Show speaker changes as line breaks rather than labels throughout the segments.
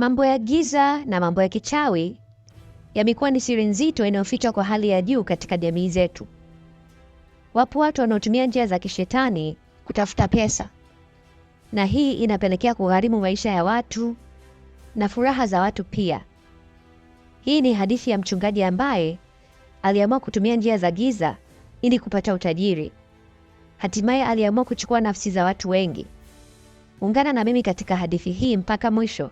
Mambo ya giza na mambo ya kichawi yamekuwa ni siri nzito inayofichwa kwa hali ya juu katika jamii zetu. Wapo watu wanaotumia njia za kishetani kutafuta pesa, na hii inapelekea kugharimu maisha ya watu na furaha za watu pia. Hii ni hadithi ya mchungaji ambaye aliamua kutumia njia za giza ili kupata utajiri. Hatimaye aliamua kuchukua nafsi za watu wengi. Ungana na mimi katika hadithi hii mpaka mwisho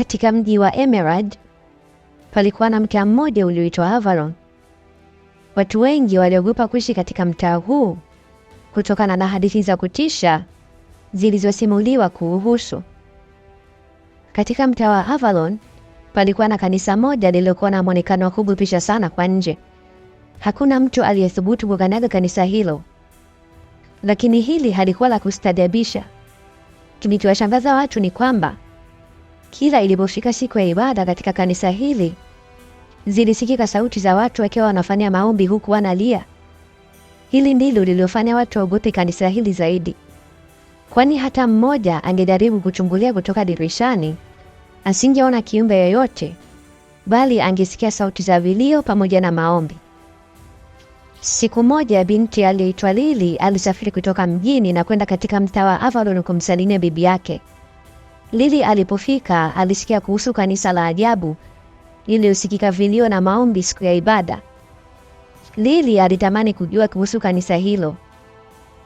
katika mji wa Emerald palikuwa na mtaa mmoja ulioitwa Avalon. Watu wengi waliogopa kuishi katika mtaa huu kutokana na hadithi za kutisha zilizosimuliwa kuuhusu. Katika mtaa wa Avalon palikuwa na kanisa moja lililokuwa na mwonekano wa kubupisha sana kwa nje. Hakuna mtu aliyethubutu kukanyaga kanisa hilo, lakini hili halikuwa la kustajabisha. Kilichowashangaza watu ni kwamba kila ilipofika siku ya ibada katika kanisa hili, zilisikika sauti za watu wakiwa wanafanya maombi huku wanalia. Hili ndilo lililofanya watu waogope kanisa hili zaidi, kwani hata mmoja angejaribu kuchungulia kutoka dirishani, asingeona kiumbe yoyote, bali angesikia sauti za vilio pamoja na maombi. Siku moja binti aliyeitwa Lili alisafiri kutoka mjini na kwenda katika mtaa wa Avalon kumsalimia bibi yake. Lili alipofika alisikia kuhusu kanisa la ajabu liliosikika vilio na maombi siku ya ibada. Lili alitamani kujua kuhusu kanisa hilo.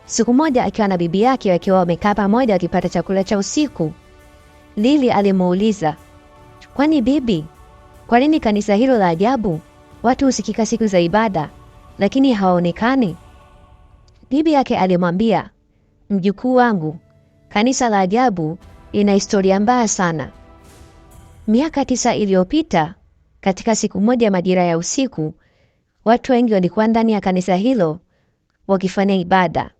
Siku moja akiwa na bibi yake wakiwa wamekaa pamoja wakipata chakula cha usiku, Lili alimuuliza, kwani bibi, kwa nini kanisa hilo la ajabu watu husikika siku za ibada lakini hawaonekani? Bibi yake alimwambia, mjukuu wangu, kanisa la ajabu ina historia mbaya sana. Miaka tisa iliyopita, katika siku moja majira ya usiku, watu wengi walikuwa ndani ya kanisa hilo wakifanya ibada,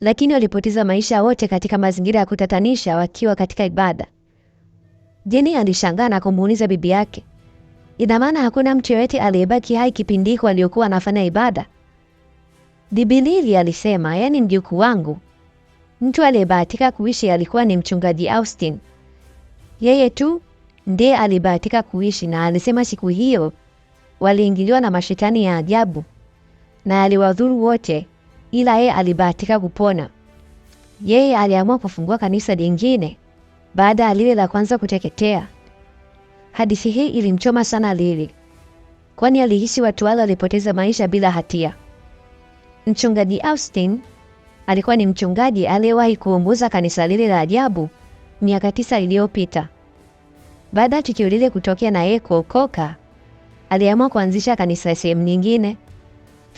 lakini walipoteza maisha wote katika mazingira ya kutatanisha wakiwa katika ibada. Jeni alishangaa na kumuuliza bibi yake, ina maana hakuna mtu yoyote aliyebaki hai kipindi hiko aliyokuwa anafanya ibada? Bibi Lili alisema, yaani mjukuu wangu Mtu aliyebahatika kuishi alikuwa ni mchungaji Austin. Yeye tu ndiye alibahatika kuishi, na alisema siku hiyo waliingiliwa na mashetani ya ajabu na aliwadhuru wote, ila yeye alibahatika kupona. Yeye aliamua kufungua kanisa lingine baada ya lile la kwanza kuteketea. Hadithi hii ilimchoma sana Lili, kwani alihisi watu wale walipoteza maisha bila hatia. Mchungaji Austin alikuwa ni mchungaji aliyewahi kuongoza kanisa lile la ajabu miaka tisa iliyopita. Baada ya tukio lile kutokea na yeye kuokoka, aliamua kuanzisha kanisa sehemu nyingine.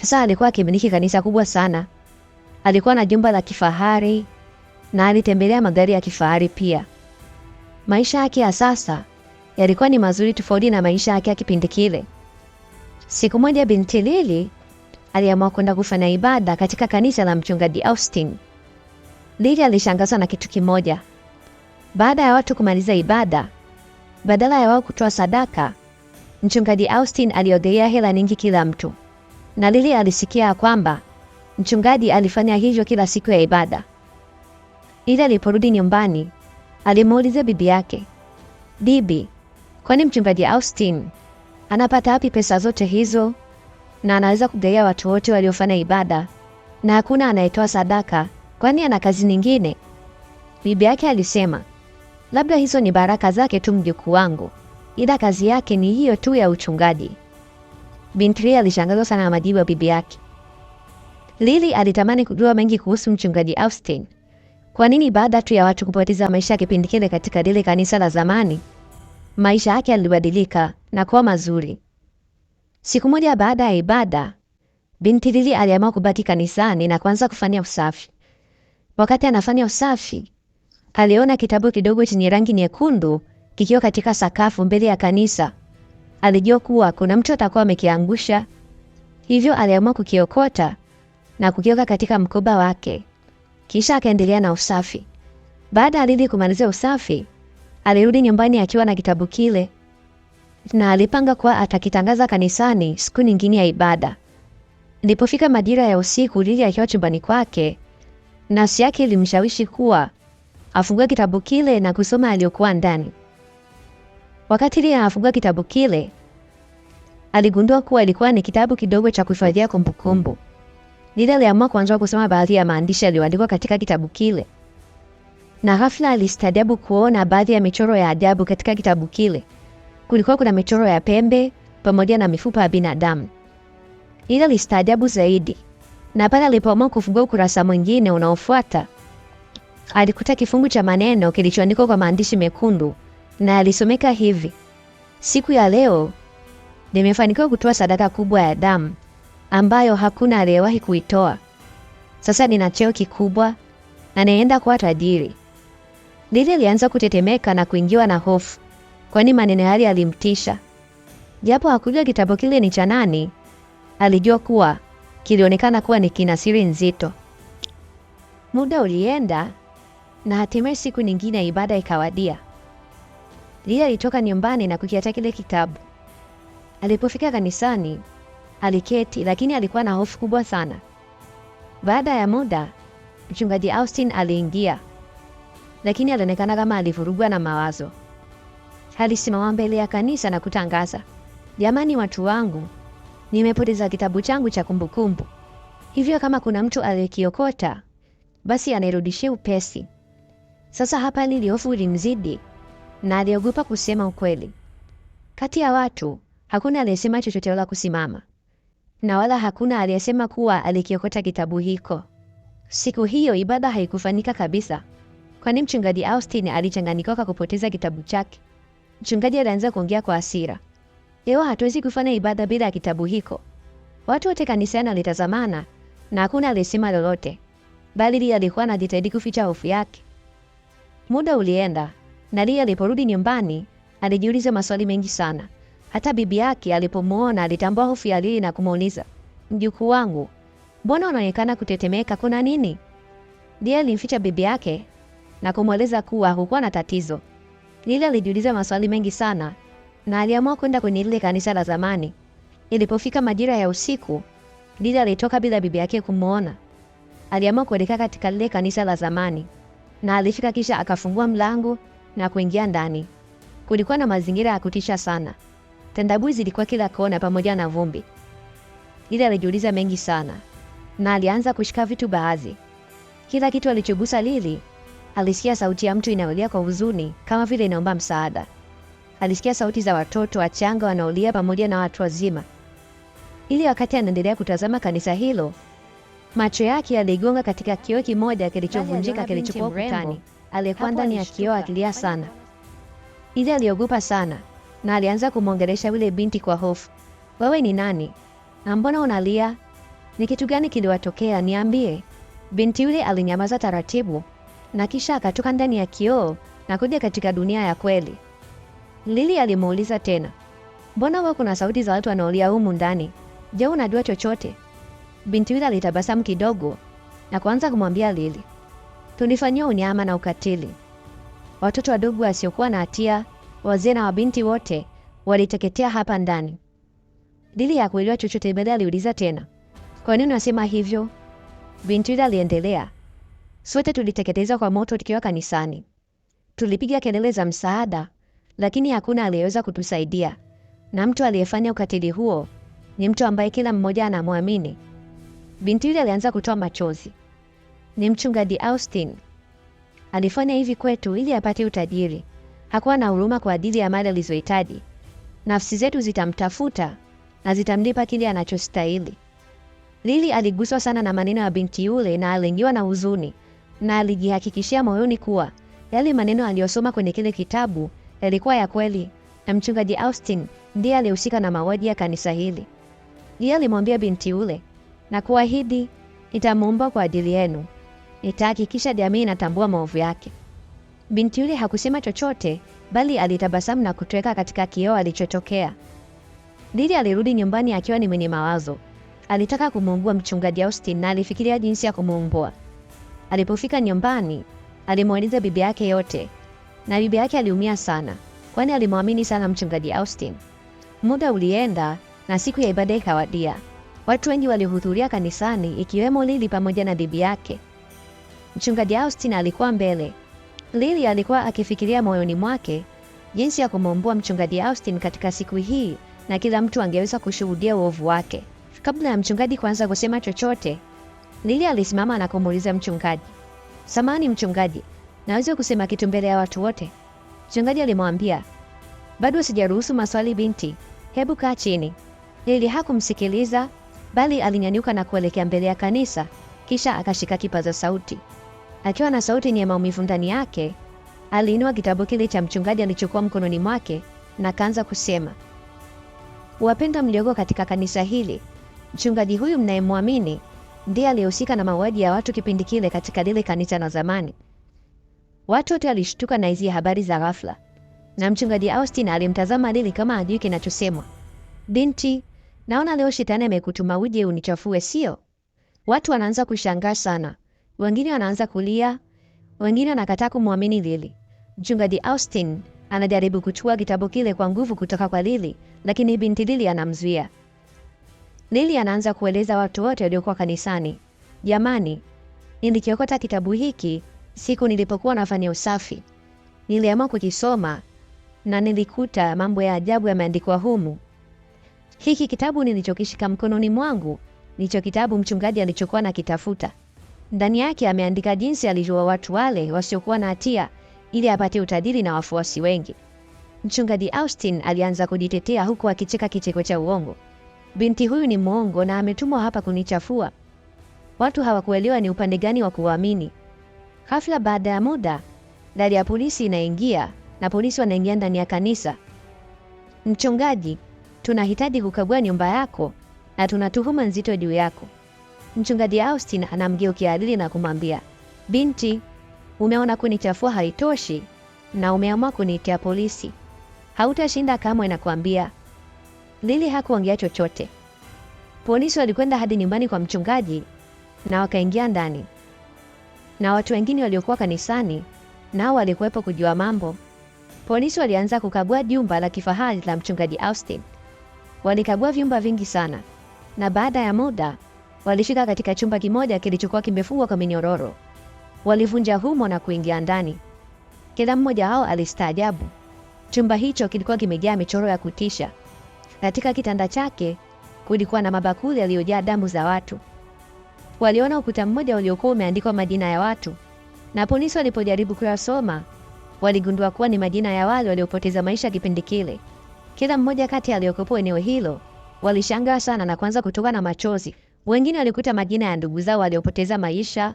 Sasa alikuwa akimiliki kanisa kubwa sana, alikuwa na jumba la kifahari na alitembelea magari ya kifahari pia. Maisha yake ya sasa yalikuwa ni mazuri tofauti na maisha yake ya kipindi kile. Siku moja binti Lili aliamua kwenda kufanya ibada katika kanisa la mchungaji Austin. lili alishangazwa na kitu kimoja. Baada ya watu kumaliza ibada, badala ya wao kutoa sadaka, mchungaji Austin aliogeia hela nyingi kila mtu, na lili alisikia kwamba mchungaji alifanya hivyo kila siku ya ibada. ili aliporudi nyumbani, alimuuliza bibi yake, "Bibi, kwani mchungaji Austin anapata wapi pesa zote hizo?" na anaweza kugaia watu wote waliofanya ibada na hakuna anayetoa sadaka, kwani ana kazi nyingine. Bibi yake alisema, labda hizo ni baraka zake tu mjukuu wangu, ila kazi yake ni hiyo tu ya uchungaji. Bintri alishangazwa sana na majibu ya bibi yake. Lili alitamani kujua mengi kuhusu mchungaji Austin. Kwa nini baada tu ya watu kupoteza maisha ya kipindi kile katika lile kanisa la zamani, maisha yake yalibadilika na kuwa mazuri? Siku moja baada ya ibada, binti Lili aliamua kubaki kanisani na kuanza kufanya usafi. Wakati anafanya usafi, aliona kitabu kidogo chenye rangi nyekundu kikiwa katika sakafu mbele ya kanisa. Alijua kuwa kuna mtu atakuwa amekiangusha, hivyo aliamua kukiokota na kukiweka katika mkoba wake, kisha akaendelea na usafi. Baada ya Lili kumaliza usafi, alirudi nyumbani akiwa na kitabu kile na alipanga kuwa atakitangaza kanisani siku nyingine ya ibada. Nilipofika majira ya usiku, Lili akiwa chumbani kwake, nafsi yake ilimshawishi kuwa afungue kitabu kile na kusoma aliyokuwa ndani. Wakati Lili anafungua kitabu kile, aligundua kuwa ilikuwa ni kitabu kidogo cha kuhifadhia kumbukumbu. Lili aliamua kuanza kusoma baadhi ya maandishi yaliyoandikwa katika kitabu kile, na ghafla alistajabu kuona baadhi ya michoro ya ajabu katika kitabu kile kulikuwa kuna michoro ya pembe pamoja na mifupa ya binadamu. ila listaajabu zaidi, na pale alipoamua kufungua ukurasa mwingine unaofuata alikuta kifungu cha maneno kilichoandikwa kwa maandishi mekundu na alisomeka hivi: siku ya leo nimefanikiwa kutoa sadaka kubwa ya damu ambayo hakuna aliyewahi kuitoa. Sasa nina cheo kikubwa na naenda kuwa tajiri. lili lianza kutetemeka na kuingiwa na hofu kwani maneno yale yalimtisha. Japo hakujua kitabu kile ni cha nani, alijua kuwa kilionekana kuwa ni kina siri nzito. Muda ulienda na hatimaye siku nyingine ibada ikawadia. Lia alitoka nyumbani na kukiacha kile kitabu. Alipofika kanisani, aliketi lakini alikuwa na hofu kubwa sana. Baada ya muda, mchungaji Austin aliingia, lakini alionekana kama alivurugwa na mawazo alisimama mbele ya kanisa na kutangaza, jamani, watu wangu, nimepoteza kitabu changu cha kumbukumbu, hivyo kama kuna mtu aliyekiokota basi anairudishia upesi. Sasa hapa liliofu ilimzidi na aliogopa kusema ukweli. Kati ya watu hakuna aliyesema chochote wala kusimama, na wala hakuna aliyesema kuwa alikiokota kitabu hiko. Siku hiyo ibada haikufanika kabisa, kwani mchungaji Austin alichanganyika kupoteza kitabu chake. Mchungaji alianza kuongea kwa hasira. Leo hatuwezi kufanya ibada bila ya kitabu hiko. Watu wote kanisani walitazamana na hakuna alisema lolote, bali Lia alikuwa anajitahidi kuficha hofu yake. Muda ulienda na Lia aliporudi nyumbani alijiuliza maswali mengi sana. Hata bibi yake alipomuona alitambua hofu ya Lia na kumuuliza, mjukuu wangu, mbona unaonekana kutetemeka? Kuna nini? Lia alimficha bibi yake na kumweleza kuwa hakukuwa na tatizo. Lili alijiuliza maswali mengi sana na aliamua kwenda kwenye lile kanisa la zamani. Ilipofika majira ya usiku, Lili alitoka bila bibi yake kumwona. Aliamua kuelekea katika lile kanisa la zamani na alifika, kisha akafungua mlango na kuingia ndani. Kulikuwa na mazingira ya kutisha sana, tandabui zilikuwa kila kona pamoja na vumbi. Lili alijiuliza mengi sana na alianza kushika vitu baadhi. Kila kitu alichogusa Lili alisikia sauti ya mtu inayolia kwa huzuni kama vile inaomba msaada. Alisikia sauti za watoto wachanga wanaolia pamoja na watu wazima. Ili wakati anaendelea kutazama kanisa hilo, macho yake yaligonga katika kioo kimoja kilichovunjika kilichokuwa ukutani. Aliyekuwa ndani ya kioo akilia sana, ili aliogopa sana, na alianza kumwongelesha yule binti kwa hofu. Wewe ni nani? Na mbona unalia? Ni kitu gani kiliwatokea? Niambie. Binti yule alinyamaza taratibu, na kisha akatoka ndani ya kioo na kuja katika dunia ya kweli. Lili alimuuliza tena, mbona huwa kuna sauti za watu wanaolia humu ndani? Je, unajua chochote? Binti yule alitabasamu kidogo na kuanza kumwambia Lili, tulifanyiwa unyama na ukatili. Watoto wadogo wasiokuwa na hatia, wazee na wabinti wote waliteketea hapa ndani. Lili hakuelewa chochote. Baadaye aliuliza tena, kwa nini unasema hivyo? Binti yule aliendelea Sote tuliteketezwa kwa moto tukiwa kanisani. Tulipiga kelele za msaada, lakini hakuna aliyeweza kutusaidia, na mtu aliyefanya ukatili huo ni mtu ambaye kila mmoja anamwamini. Binti yule alianza kutoa machozi. Ni mchungaji Austin. Alifanya hivi kwetu ili apate utajiri. Hakuwa na huruma kwa ajili ya mali alizohitaji. Nafsi zetu zitamtafuta na zitamlipa kile anachostahili. Lili aliguswa sana na maneno ya binti yule na alingiwa na huzuni na alijihakikishia moyoni kuwa yale maneno aliyosoma kwenye kile kitabu yalikuwa ya kweli, na mchungaji Austin ndiye alihusika na mauaji ya kanisa hili. Yeye alimwambia binti ule na kuahidi, nitamuomba kwa ajili yenu, nitahakikisha jamii inatambua maovu yake. Binti yule hakusema chochote, bali alitabasamu na kutweka katika kioo alichotokea. Lili alirudi nyumbani akiwa ni mwenye mawazo. Alitaka kumuumbua mchungaji Austin na alifikiria jinsi ya kumuumbua. Alipofika nyumbani, alimweleza bibi yake yote, na bibi yake aliumia sana, kwani alimwamini sana mchungaji Austin. Muda ulienda na siku ya ibada ikawadia. Watu wengi walihudhuria kanisani, ikiwemo Lili pamoja na bibi yake. Mchungaji Austin alikuwa mbele. Lili alikuwa akifikiria moyoni mwake jinsi ya kumwombea mchungaji Austin katika siku hii, na kila mtu angeweza kushuhudia uovu wake. Kabla ya mchungaji kuanza kusema chochote, Lili alisimama na kumuuliza mchungaji, samani mchungaji, naweza kusema kitu mbele ya watu wote? Mchungaji alimwambia, bado sijaruhusu maswali binti, hebu kaa chini. Lili hakumsikiliza bali alinyanyuka na kuelekea mbele ya kanisa, kisha akashika kipaza sauti. Akiwa na sauti yenye maumivu ndani yake, aliinua kitabu kile cha mchungaji alichokuwa mkononi mwake na kaanza kusema, wapenda mlioko katika kanisa hili, mchungaji huyu mnayemwamini ndiye aliyehusika na mauaji ya watu kipindi kile katika lile kanisa la zamani. Watu wote walishtuka na hizi habari za ghafla, na mchungaji Austin alimtazama Lili kama ajui kinachosemwa. Binti, naona leo shetani amekutuma uje unichafue, sio? Watu wanaanza kushangaa sana, wengine wanaanza kulia, wengine wanakataa kumwamini Lili. Mchungaji Austin anajaribu kuchua kitabu kile kwa nguvu kutoka kwa Lili, lakini binti Lili anamzuia. Lily anaanza kueleza watu wote waliokuwa kanisani, jamani, nilikiokota kitabu hiki siku nilipokuwa nafanya usafi, niliamua kukisoma na nilikuta mambo ya ajabu yameandikwa humu. Hiki kitabu nilichokishika mkononi mwangu nicho kitabu mchungaji alichokuwa nakitafuta. Ndani yake ameandika jinsi alivyoua watu wale wasiokuwa na hatia ili apate utajiri na wafuasi wengi. Mchungaji Austin alianza kujitetea huku akicheka kicheko cha uongo. Binti huyu ni mwongo na ametumwa hapa kunichafua. Watu hawakuelewa ni upande gani wa kuamini Ghafla baada ya muda, gari ya polisi inaingia na polisi wanaingia ndani ya kanisa. Mchungaji, tunahitaji kukagua nyumba yako na tuna tuhuma nzito juu yako. Mchungaji Austin anamgeukia Adili na kumwambia, binti, umeona kunichafua haitoshi na umeamua kunitia polisi. Hautashinda kamwe, nakwambia. Lili hakuongea chochote. Polisi walikwenda hadi nyumbani kwa mchungaji na wakaingia ndani, na watu wengine waliokuwa kanisani nao walikuwepo kujua mambo. Polisi walianza kukagua jumba la kifahari la mchungaji Austin. Walikagua vyumba vingi sana, na baada ya muda walifika katika chumba kimoja kilichokuwa kimefungwa kwa minyororo. Walivunja humo na kuingia ndani. Kila mmoja wao alistaajabu. Chumba hicho kilikuwa kimejaa michoro ya kutisha. Katika kitanda chake kulikuwa na mabakuli yaliyojaa damu za watu. Waliona ukuta mmoja uliokuwa umeandikwa majina ya watu, na polisi walipojaribu kuyasoma waligundua kuwa ni majina ya wale waliopoteza maisha kipindi kile. Kila mmoja kati aliyokuwepo eneo hilo walishangaa sana na kuanza kutoka na machozi. Wengine walikuta majina ya ndugu zao waliopoteza maisha,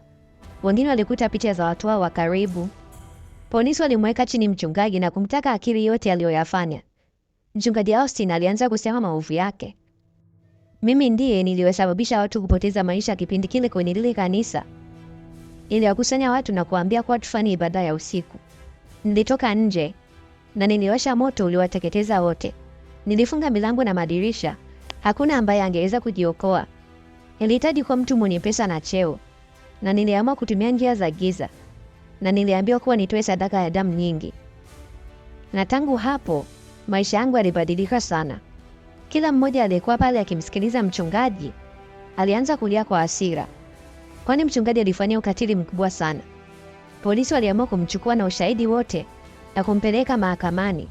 wengine walikuta picha za watu wao wa karibu. Polisi walimweka chini mchungaji na kumtaka akili yote aliyoyafanya. Mchungaji Austin alianza kusema maovu yake. Mimi ndiye niliyosababisha watu kupoteza maisha kipindi kile kwenye lile kanisa. Niliwakusanya watu na kuambia kuwa tufanye ibada ya usiku. Nilitoka nje na niliwasha moto uliwateketeza wote. Nilifunga milango na madirisha, hakuna ambaye angeweza kujiokoa. Nilihitaji kuwa mtu mwenye pesa na cheo, na niliamua kutumia njia za giza, na niliambiwa kuwa nitoe sadaka ya damu nyingi, na tangu hapo maisha yangu yalibadilika sana. Kila mmoja aliyekuwa pale akimsikiliza mchungaji alianza kulia kwa hasira, kwani mchungaji alifanya ukatili mkubwa sana. Polisi waliamua kumchukua na ushahidi wote na kumpeleka mahakamani.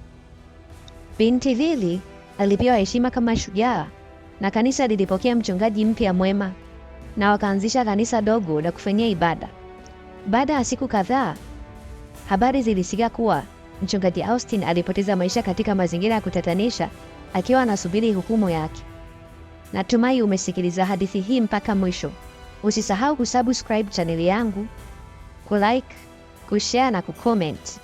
Binti Lili alipewa heshima kama shujaa na kanisa lilipokea mchungaji mpya mwema na wakaanzisha kanisa dogo la kufanyia ibada. Baada ya siku kadhaa, habari zilisikia kuwa mchungaji Austin alipoteza maisha katika mazingira ya kutatanisha akiwa anasubiri hukumu yake. Natumai umesikiliza hadithi hii mpaka mwisho. Usisahau kusubscribe chaneli yangu, kulike, kushare na kucomment.